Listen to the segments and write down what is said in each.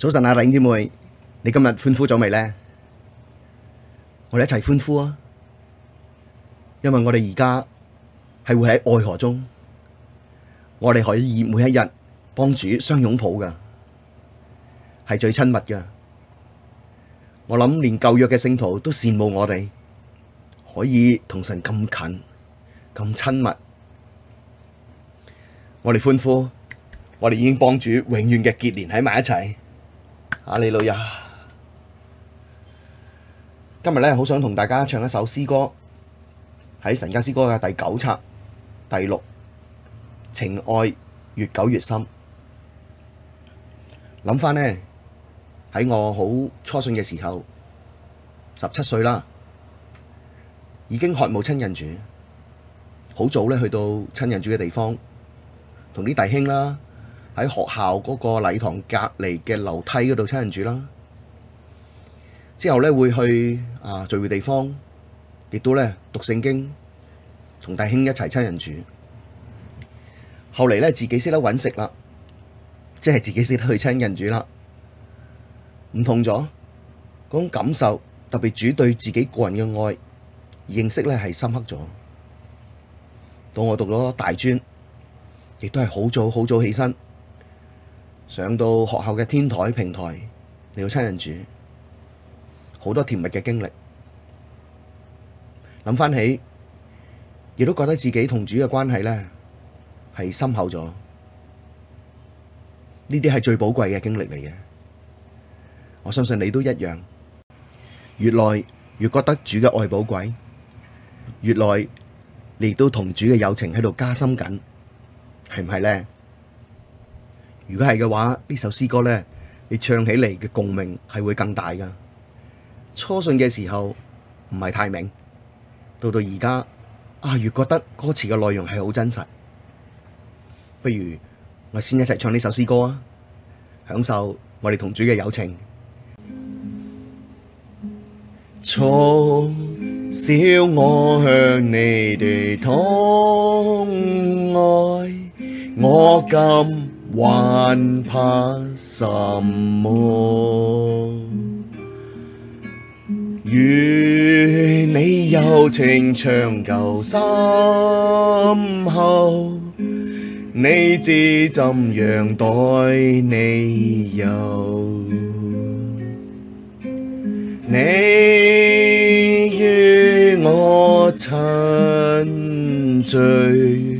早晨啊，弟兄姊妹，你今日歡呼咗未呢？我哋一齊歡呼啊！因為我哋而家係會喺愛河中，我哋可以每一日幫主相擁抱噶，係最親密噶。我諗連舊約嘅聖徒都羨慕我哋可以同神咁近、咁親密。我哋歡呼，我哋已經幫主永遠嘅結連喺埋一齊。阿李老友，今日咧好想同大家唱一首詩歌，喺《神家詩歌》嘅第九冊第六，情愛越久越深。諗返咧喺我好初信嘅時候，十七歲啦，已經渴慕親近主，好早咧去到親近主嘅地方，同啲弟兄啦。喺學校嗰個禮堂隔籬嘅樓梯嗰度親近主啦，之後咧會去啊聚會地方，亦都咧讀聖經，同弟兄一齊親近主後來呢。後嚟咧自己識得搵食啦，即係自己識得去親近主啦，唔同咗，嗰種感受，特別主對自己個人嘅愛，認識咧係深刻咗。到我讀咗大專，亦都係好早好早起身。上到學校嘅天台平台，你要親人主，好多甜蜜嘅經歷。諗翻起，亦都覺得自己同主嘅關係咧係深厚咗。呢啲係最寶貴嘅經歷嚟嘅，我相信你都一樣。越來越覺得主嘅愛寶貴，越來你亦都同主嘅友情喺度加深緊，係唔係咧？如果係嘅話，呢首詩歌呢，你唱起嚟嘅共鳴係會更大噶。初信嘅時候唔係太明，到到而家啊，越覺得歌詞嘅內容係好真實。不如我先一齊唱呢首詩歌啊，享受我哋同主嘅友情。從少我享祢的疼愛，我今。還怕什麼？與你友情長久深厚。你知怎樣待你友，你與我親嘴。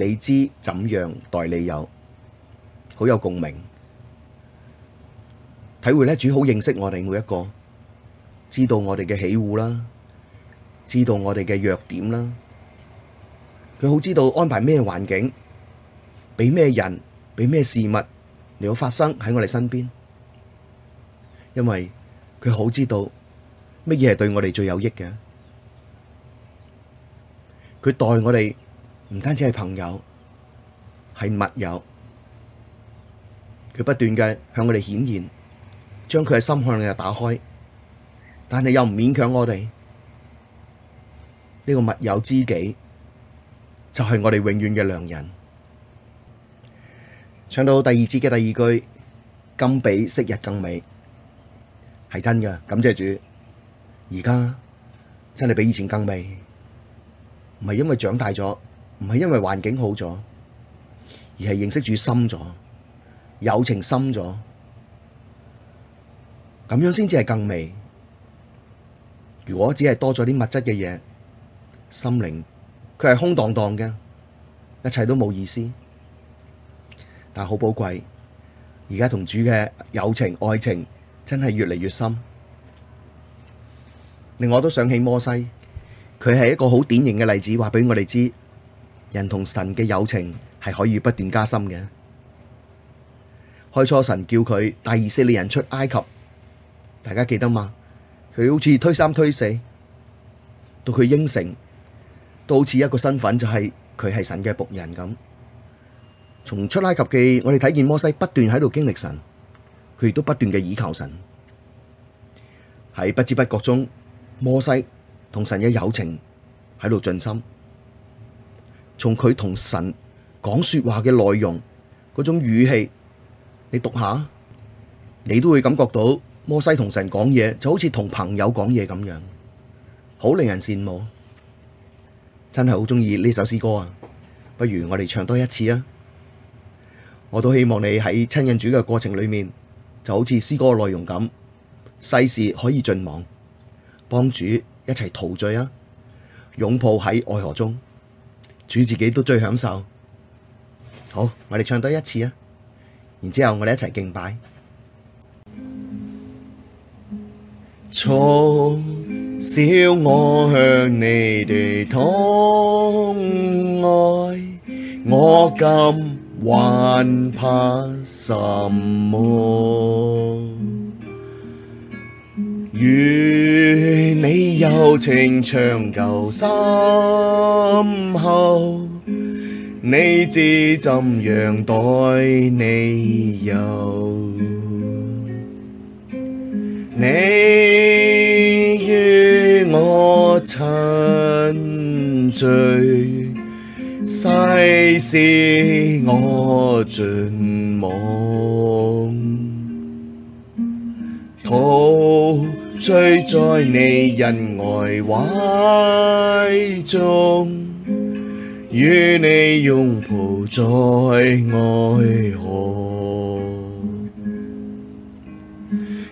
你知怎樣待你友，好有共鳴，體會咧，主好認識我哋每一個，知道我哋嘅喜惡啦，知道我哋嘅弱點啦，佢好知道安排咩環境，俾咩人，俾咩事物嚟到發生喺我哋身邊，因為佢好知道乜嘢係對我哋最有益嘅，佢待我哋。唔單止係朋友，係密友，佢不斷嘅向我哋顯現，將佢嘅心向我哋又打開，但係又唔勉強我哋。呢、這個密友知己就係、是、我哋永遠嘅良人。唱到第二節嘅第二句，今比昔日更美，係真㗎。感謝主，而家真係比以前更美，唔係因為長大咗。唔係因為環境好咗，而係認識主深咗，友情深咗，咁樣先至係更美。如果只係多咗啲物質嘅嘢，心靈佢係空蕩蕩嘅，一切都冇意思。但好寶貴，而家同主嘅友情愛情真係越嚟越深，令我都想起摩西，佢係一個好典型嘅例子，話俾我哋知。人同神嘅友情係可以不斷加深嘅。開初神叫佢帶以色列人出埃及，大家記得嘛？佢好似推三推四，到佢應承，都好似一個身份就係佢係神嘅僕人咁。從出埃及記，我哋睇見摩西不斷喺度經歷神，佢亦都不斷嘅倚靠神，喺不知不覺中，摩西同神嘅友情喺度進深。從佢同神講說話嘅內容，嗰種語氣，你讀下，你都會感覺到摩西同神講嘢就好似同朋友講嘢咁樣，好令人羨慕。真係好鍾意呢首詩歌啊！不如我哋唱多一次啊！我都希望你喺親近主嘅過程裏面，就好似詩歌內容咁，世事可以盡忘，幫主一齊陶醉啊！擁抱喺愛河中。主自己都最享受，好，我哋唱多一次啊！然之後我哋一齊敬拜。從小我向你哋疼愛，我今還怕什麼？與你友情長久深厚，你知怎樣待你友？你與我親嘴，世事我盡忘。醉在你恩愛懷中，與你擁抱在愛河，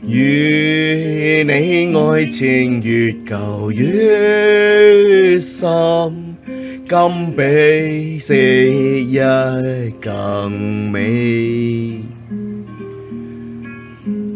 與你愛情越久越深，今比昔日更美。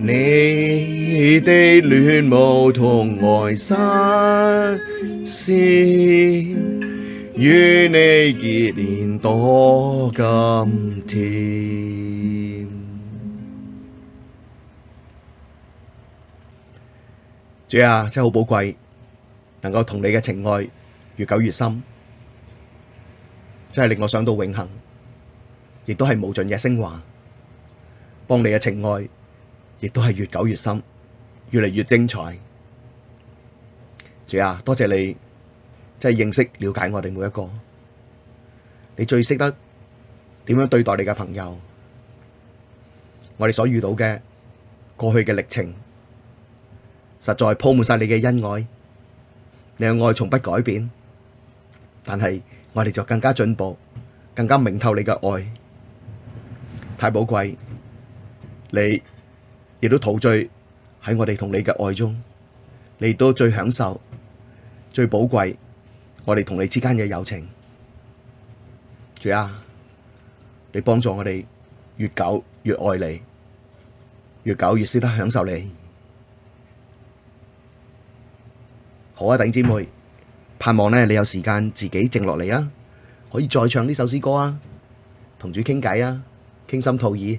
你的戀慕疼愛新鮮，與你結連多今天。主啊，真係好寶貴，能夠同你嘅情愛越久越深，真係令我想到永恒，亦都係無盡嘅升華，幫你嘅情愛。亦都係越久越深，越嚟越精彩。主啊，多謝你，即係認識、了解我哋每一個。你最識得點樣對待你嘅朋友，我哋所遇到嘅過去嘅歷程，實在鋪滿晒你嘅恩愛。你嘅愛從不改變，但係我哋就更加進步，更加明透你嘅愛，太寶貴。你。亦都陶醉喺我哋同你嘅愛中，你都最享受、最寶貴我哋同你之間嘅友情。主啊，你幫助我哋越久越愛你，越久越識得享受你。好啊，弟姐妹，盼望咧你有時間自己靜落嚟啊，可以再唱呢首詩歌啊，同主傾偈啊，傾心吐意。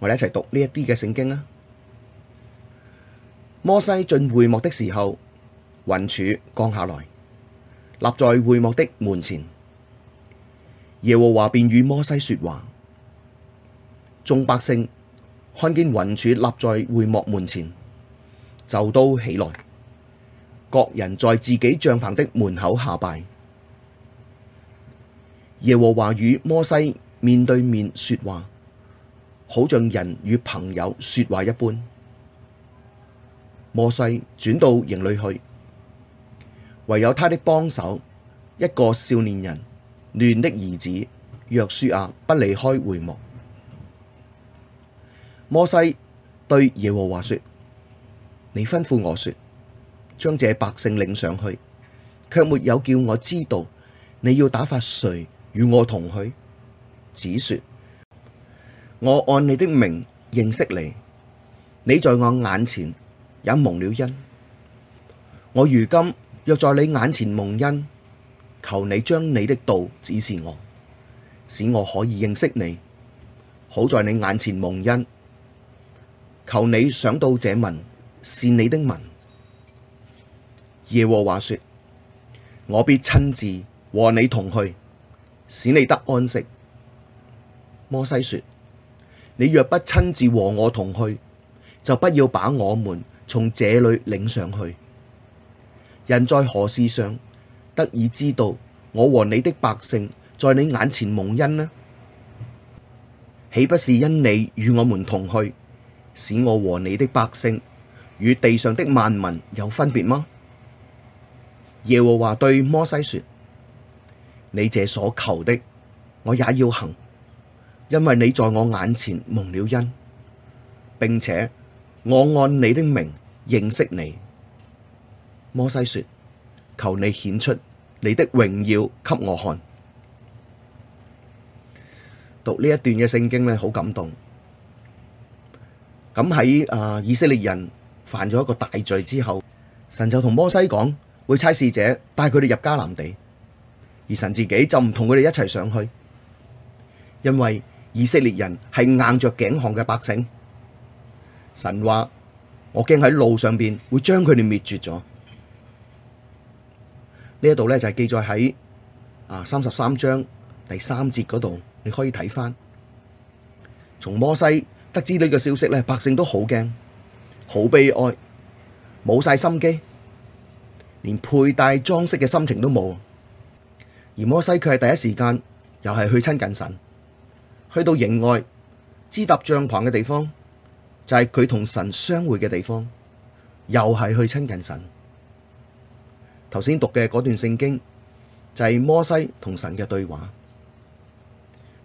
我哋一齊讀呢一啲嘅聖經啦。摩西進會幕的時候，雲柱降下來，立在會幕的門前。耶和華便與摩西說話。眾百姓看見雲柱立在會幕門前，就都起來，各人在自己帳篷的門口下拜。耶和華與摩西面對面說話。好像人與朋友說話一般。摩西轉到營裡去，唯有他的幫手一個少年人，嫩的兒子約書亞不離開會幕。摩西對耶和華說：你吩咐我說，將這百姓領上去，卻沒有叫我知道你要打發誰與我同去，只說。我按你的名認識你，你在我眼前也蒙了恩。我如今若在你眼前蒙恩，求你將你的道指示我，使我可以認識你，好在你眼前蒙恩。求你想到這民是你的民。耶和華說：我必親自和你同去，使你得安息。摩西說。你若不親自和我同去，就不要把我們從這裏領上去。人在何事上得以知道我和你的百姓在你眼前蒙恩呢？豈不是因你與我們同去，使我和你的百姓與地上的萬民有分別嗎？耶和華對摩西說：你這所求的，我也要行。因為你在我眼前蒙了恩，並且我按你的名認識你，摩西說：求你顯出你的榮耀給我看。讀呢一段嘅聖經咧，好感動。咁喺啊以色列人犯咗一個大罪之後，神就同摩西講，會差使者帶佢哋入迦南地，而神自己就唔同佢哋一齊上去，因為，以色列人係硬著頸項嘅百姓，神話我驚喺路上邊會將佢哋滅絕咗。呢一度咧就係記載喺啊三十三章第三節嗰度，你可以睇翻。從摩西得知呢個消息咧，百姓都好驚，好悲哀，冇晒心機，連佩戴裝飾嘅心情都冇。而摩西佢係第一時間又係去親近神。去到營外支搭帳篷嘅地方，就係佢同神相會嘅地方，又係去親近神。頭先讀嘅嗰段聖經就係、是、摩西同神嘅對話，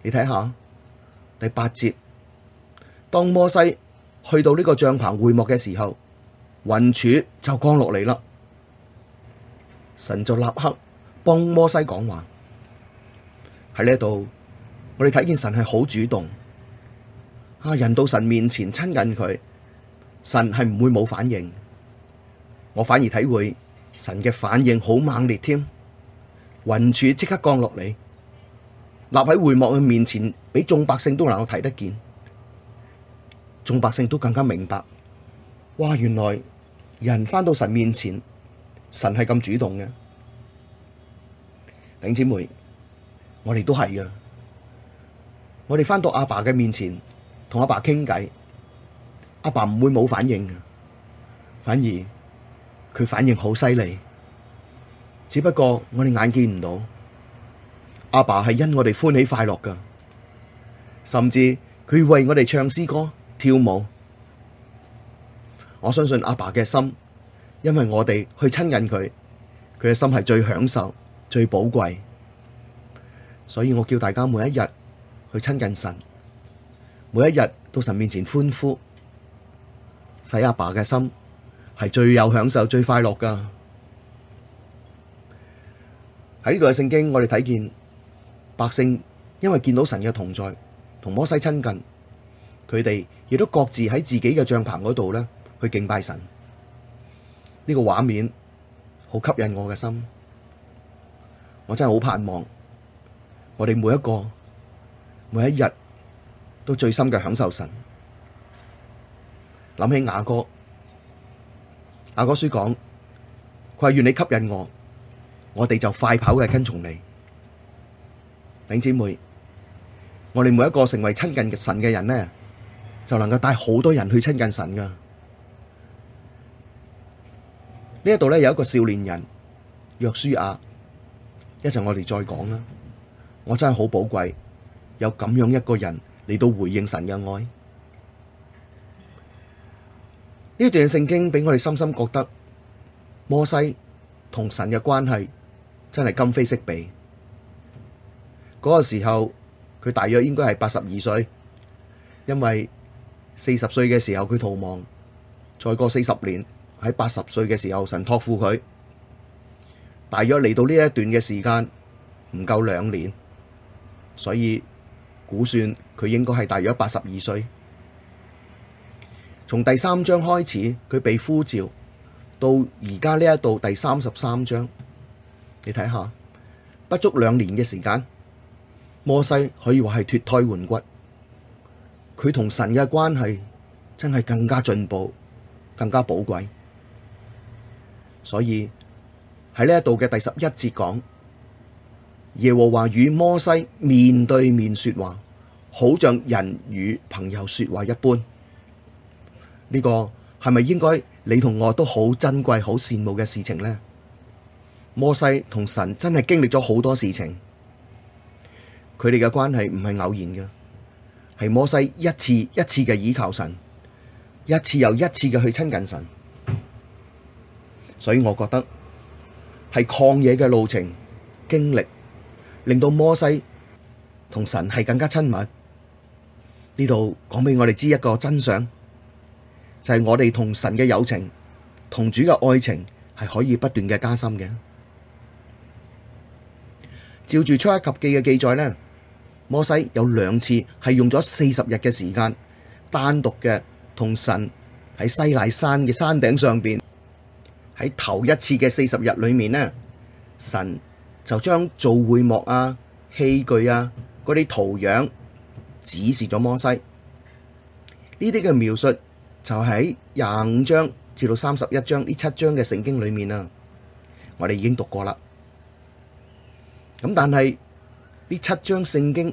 你睇下第八節，當摩西去到呢個帳篷會幕嘅時候，雲柱就降落嚟啦，神就立刻幫摩西講話喺呢度。我哋睇見神係好主動，啊人到神面前親近佢，神係唔會冇反應。我反而體會神嘅反應好猛烈添，雲柱即刻降落嚟，立喺會幕嘅面前，俾眾百姓都能夠睇得見，眾百姓都更加明白，哇原來人返到神面前，神係咁主動嘅。弟兄姊妹，我哋都係噶。我哋返到阿爸嘅面前，同阿爸傾偈，阿爸唔會冇反應嘅，反而佢反應好犀利，只不過我哋眼見唔到。阿爸係因我哋歡喜快樂㗎，甚至佢為我哋唱詩歌、跳舞。我相信阿爸嘅心，因為我哋去親近佢，佢嘅心係最享受、最寶貴。所以我叫大家每一日。去親近神，每一日到神面前歡呼，使阿爸嘅心係最有享受、最快樂噶喺呢度嘅聖經，我哋睇見百姓因為見到神嘅同在，同摩西親近，佢哋亦都各自喺自己嘅帳棚嗰度咧去敬拜神。呢個畫面好吸引我嘅心，我真係好盼望我哋每一個每一日都最深嘅享受神，諗起雅歌，雅歌書講，佢話，願你吸引我，我哋就快跑嘅跟從你。弟兄姊妹，我哋每一個成為親近神嘅人呢，就能夠帶好多人去親近神噶。呢一度咧有一個少年人約書亞，一陣我哋再講啦。我真係好寶貴。有咁樣一個人嚟到回應神嘅愛，呢段聖經俾我哋深深覺得，摩西同神嘅關係真係今非昔比。嗰個時候佢大約應該係八十二歲，因為四十歲嘅時候佢逃亡，再過四十年喺八十歲嘅時候神託付佢，大約嚟到呢一段嘅時間唔夠兩年，所以。估算佢應該係大約八十二歲。從第三章開始，佢被呼召，到而家呢一度第三十三章，你睇下，不足兩年嘅時間，摩西可以話係脫胎換骨，佢同神嘅關係真係更加進步，更加寶貴。所以喺呢一度嘅第十一節講，耶和華與摩西面對面說話，好像人與朋友說話一般，呢個係咪應該你同我都好珍貴、好羨慕嘅事情呢？摩西同神真係經歷咗好多事情，佢哋嘅關係唔係偶然嘅，係摩西一次一次嘅倚靠神，一次又一次嘅去親近神，所以我覺得係曠野嘅路程經歷，令到摩西同神係更加親密。呢度講俾我哋知一個真相，就係、是、我哋同神嘅友情，同主嘅愛情係可以不斷嘅加深嘅。照住出埃及記嘅記載呢，摩西有兩次係用咗四十日嘅時間，單獨嘅同神喺西奈山嘅山頂上邊，喺頭一次嘅四十日裏面呢，神就將造會幕啊、器具啊、嗰啲圖樣。指示咗摩西，呢啲嘅描述就喺廿五章至到三十一章呢七章嘅聖經裏面啊，我哋已經讀過啦。咁但係呢七章聖經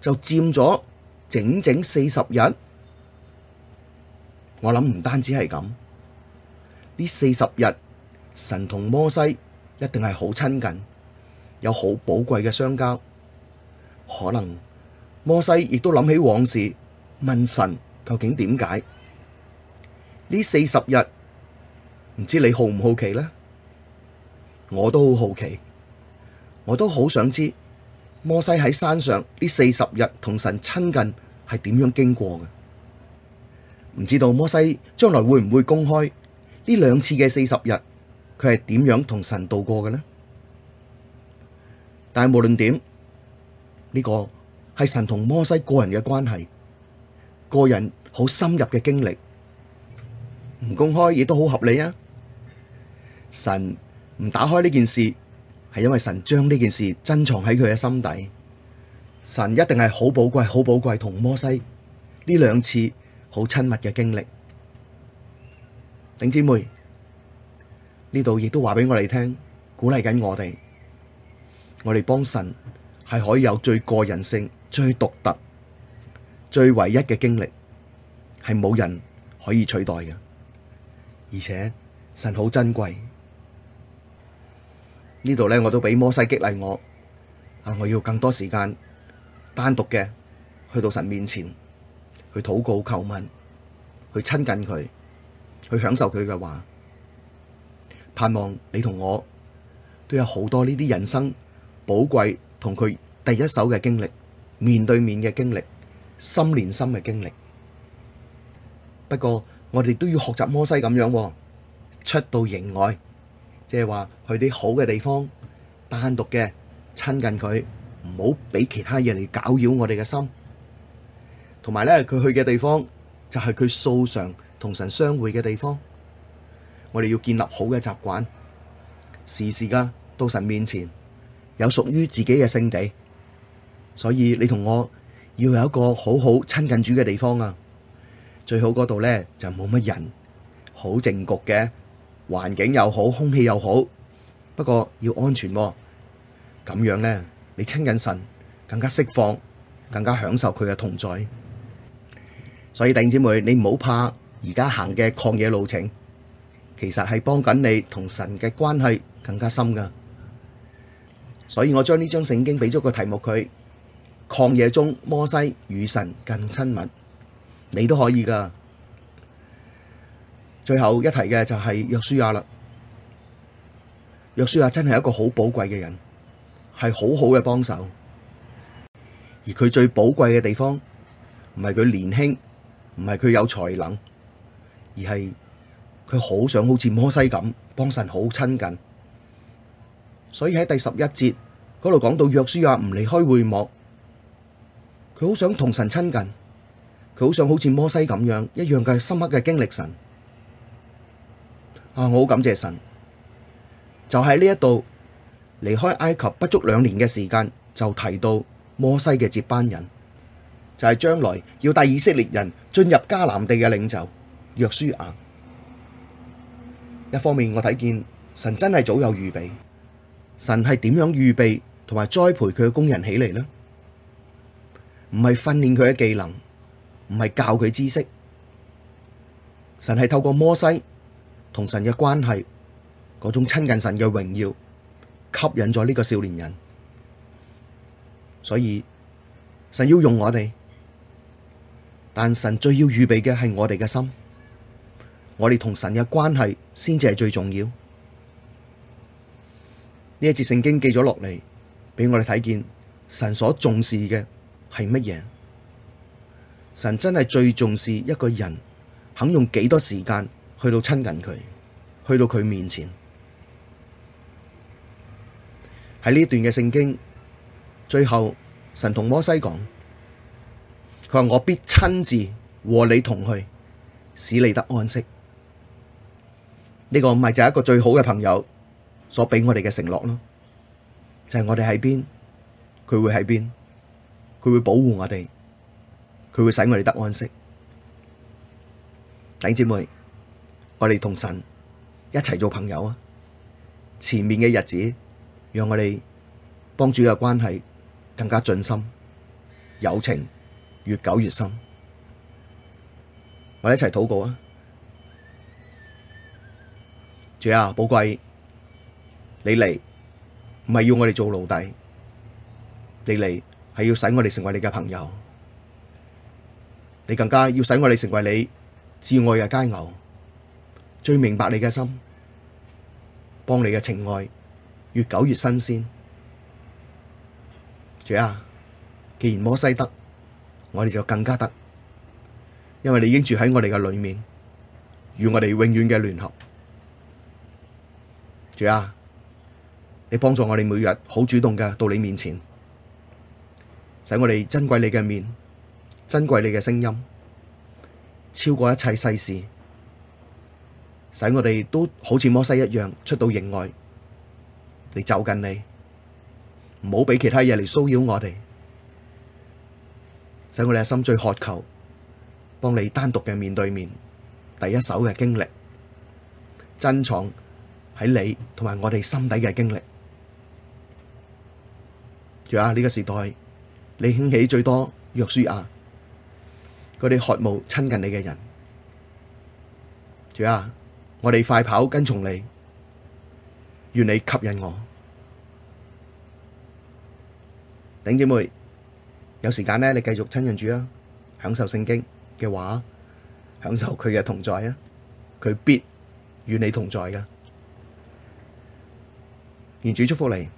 就佔咗整整四十日。我諗唔單止係咁，呢四十日神同摩西一定係好親近，有好寶貴嘅相交，可能。摩西亦都諗起往事，問神究竟點解呢四十日，唔知你好唔好奇呢？我都好好奇，我都好想知摩西喺山上呢四十日同神親近係點樣經過嘅？唔知道摩西將來會唔會公開呢兩次嘅四十日，佢係點樣同神度過嘅呢？但係無論點，呢個。係神同摩西個人嘅關係，個人好深入嘅經歷，唔公開亦都好合理啊！神唔打開呢件事，係因為神將呢件事珍藏喺佢嘅心底。神一定係好寶貴、好寶貴同摩西呢兩次好親密嘅經歷。頂姊妹，呢度亦都話俾我哋聽，鼓勵緊我哋，我哋幫神係可以有最個人性。最獨特、最唯一嘅經歷係冇人可以取代嘅，而且神好珍貴。呢度咧，我都俾摩西激勵我啊！我要更多時間單獨嘅去到神面前去禱告、叩問、去親近佢，去享受佢嘅話，盼望你同我都有好多呢啲人生寶貴同佢第一手嘅經歷。面對面嘅經歷，心連心嘅經歷。不過我哋都要學習摩西咁樣，出到營外，即係話去啲好嘅地方，單獨嘅親近佢，唔好俾其他嘢嚟搞擾我哋嘅心。同埋咧，佢去嘅地方就係、是、佢素常同神相會嘅地方。我哋要建立好嘅習慣，時時噶到神面前，有屬於自己嘅聖地。所以你同我要有一個好好親近主嘅地方啊，最好嗰度呢，就冇乜人，好靜局嘅，環境又好，空氣又好，不過要安全喎啊。咁樣呢，你親近神更加釋放，更加享受佢嘅同在。所以弟兄姊妹，你唔好怕而家行嘅曠野路程，其實係幫緊你同神嘅關係更加深噶。所以我將呢張聖經俾咗個題目佢。曠野中，摩西與神更親密，你都可以噶。最後一提嘅就係約書亞啦。約書亞真係一個好寶貴嘅人，係好好嘅幫手。而佢最寶貴嘅地方，唔係佢年輕，唔係佢有才能，而係佢好想好似摩西咁幫神好親近。所以喺第十一節嗰度講到約書亞唔離開會幕。佢好想同神親近，佢好想好似摩西咁樣，一樣嘅深刻嘅經歷神啊！我好感謝神，就喺呢一度離開埃及不足兩年嘅時間，就提到摩西嘅接班人，就係將來要帶以色列人進入迦南地嘅領袖約書亞。一方面我睇見神真係早有預備，神係點樣預備同埋栽培佢嘅工人起嚟呢？唔係訓練佢嘅技能，唔係教佢知識，神係透過摩西同神嘅關係，嗰種親近神嘅榮耀吸引咗呢個少年人。所以神要用我哋，但神最要預備嘅係我哋嘅心，我哋同神嘅關係先至係最重要。呢一節聖經記咗落嚟，俾我哋睇見神所重視嘅。係乜嘢？神真係最重視一個人，肯用幾多時間去到親近佢，去到佢面前。喺呢段嘅聖經最後，神同摩西講，佢話我必親自和你同去，使你得安息。呢個唔係就一個最好嘅朋友所畀我哋嘅承諾咯，就係我哋喺邊，佢會喺邊。佢會保護我哋，佢會使我哋得安息。弟兄姊妹，我哋同神一齊做朋友啊！前面嘅日子，讓我哋幫主嘅關係更加進深，友情越久越深。我哋一齊禱告啊！主啊，寶貴，你嚟唔係要我哋做奴隸，你嚟。係要使我哋成為你嘅朋友，你更加要使我哋成為你摯愛嘅佳偶，最明白你嘅心，幫你嘅情愛越久越新鮮。主啊，既然摩西得，我哋就更加得，因為你已經住喺我哋嘅裏面，與我哋永遠嘅聯合。主啊，你幫助我哋每日好主動嘅到你面前。使我哋珍貴你嘅面，珍貴你嘅聲音，超過一切世事。使我哋都好似摩西一樣出到營外，嚟走近你，唔好俾其他嘢嚟騷擾我哋。使我哋嘅心最渴求，幫你單獨嘅面對面、第一手嘅經歷，珍藏喺你同埋我哋心底嘅經歷。仲有呢個時代。你興起最多約書亞，佢哋渴慕親近你嘅人，主啊，我哋快跑跟從你，願你吸引我。頂姐妹，有時間呢，你繼續親近主啊，享受聖經嘅話，享受佢嘅同在啊，佢必與你同在噶。願主祝福你。